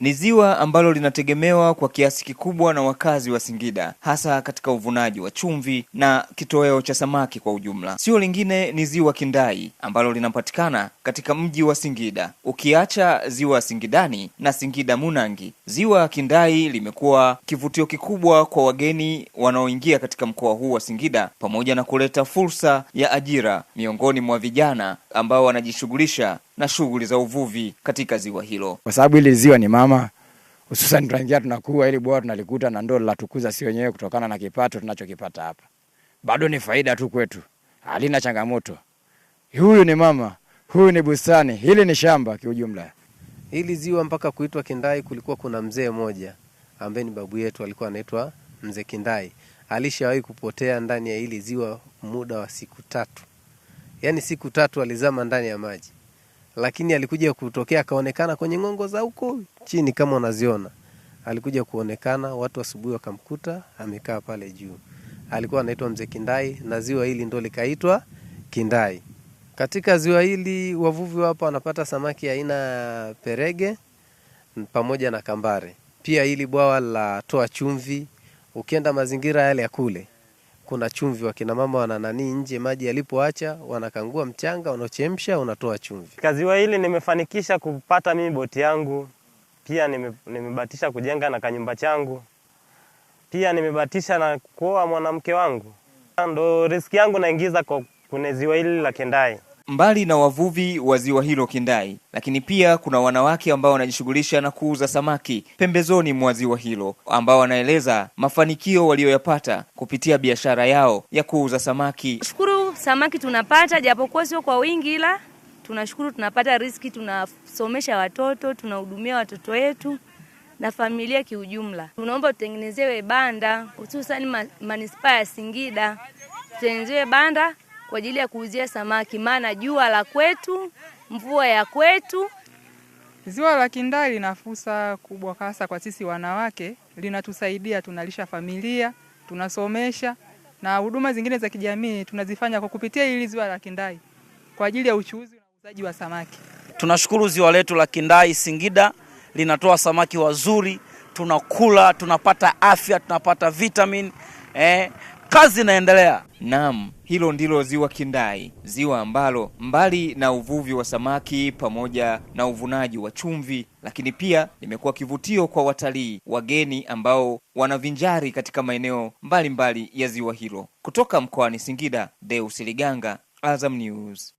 Ni ziwa ambalo linategemewa kwa kiasi kikubwa na wakazi wa Singida, hasa katika uvunaji wa chumvi na kitoweo cha samaki kwa ujumla. Sio lingine ni ziwa Kindai ambalo linapatikana katika mji wa Singida. Ukiacha ziwa Singidani na Singida Munangi, ziwa Kindai limekuwa kivutio kikubwa kwa wageni wanaoingia katika mkoa huu wa Singida, pamoja na kuleta fursa ya ajira miongoni mwa vijana ambao wanajishughulisha na shughuli za uvuvi katika ziwa hilo, kwa sababu hili ziwa ni mama hususan tunaingia tunakuwa ili bwawa tunalikuta na ndo latukuza si wenyewe, kutokana na kipato tunachokipata hapa, bado ni faida tu kwetu, halina changamoto. Huyu ni mama, huyu ni bustani, hili ni shamba kiujumla. Hili ziwa mpaka kuitwa Kindai, kulikuwa kuna mzee mmoja ambaye ni babu yetu, alikuwa anaitwa mzee Kindai. Alishawahi kupotea ndani ya hili ziwa muda wa siku tatu, yaani siku tatu alizama ndani ya maji lakini alikuja kutokea akaonekana kwenye ng'ongo za huko chini kama unaziona. Alikuja kuonekana watu asubuhi wakamkuta amekaa pale juu. Alikuwa anaitwa Mzee Kindai na ziwa hili ndo likaitwa Kindai. Katika ziwa hili wavuvi hapa wanapata samaki aina ya perege pamoja na kambare. Pia hili bwawa la toa chumvi, ukienda mazingira yale ya kule kuna chumvi, wakina mama wanananii nje maji yalipoacha, wanakangua mchanga, wanachemsha, unatoa chumvi. Kaziwa hili nimefanikisha kupata mimi boti yangu, pia nimebatisha kujenga na kanyumba changu, pia nimebatisha na kuoa mwanamke wangu. Ndo riski yangu naingiza kwa kune ziwa hili la Kendai. Mbali na wavuvi wa ziwa hilo Kindai, lakini pia kuna wanawake ambao wanajishughulisha na kuuza samaki pembezoni mwa ziwa hilo, ambao wanaeleza mafanikio waliyoyapata kupitia biashara yao ya kuuza samaki. Shukuru samaki tunapata, japokuwa sio kwa wingi, ila tunashukuru tunapata riski tunasomesha watoto, tunahudumia watoto wetu na familia kiujumla. Tunaomba tutengenezewe banda, hususani manispaa ya Singida, tutengenezewe banda kwa ajili ya kuuzia samaki, maana jua la kwetu, mvua ya kwetu. Ziwa la Kindai lina fursa kubwa, hasa kwa sisi wanawake, linatusaidia tunalisha familia, tunasomesha na huduma zingine za kijamii tunazifanya kwa kupitia hili ziwa la Kindai kwa ajili ya uchuuzi na uuzaji wa samaki. Tunashukuru ziwa letu la Kindai Singida linatoa samaki wazuri, tunakula, tunapata afya, tunapata vitamin eh kazi inaendelea. Naam, hilo ndilo ziwa Kindai, ziwa ambalo mbali na uvuvi wa samaki pamoja na uvunaji wa chumvi, lakini pia limekuwa kivutio kwa watalii wageni ambao wanavinjari katika maeneo mbalimbali ya ziwa hilo. Kutoka mkoani Singida, Deus Liganga, Azam News.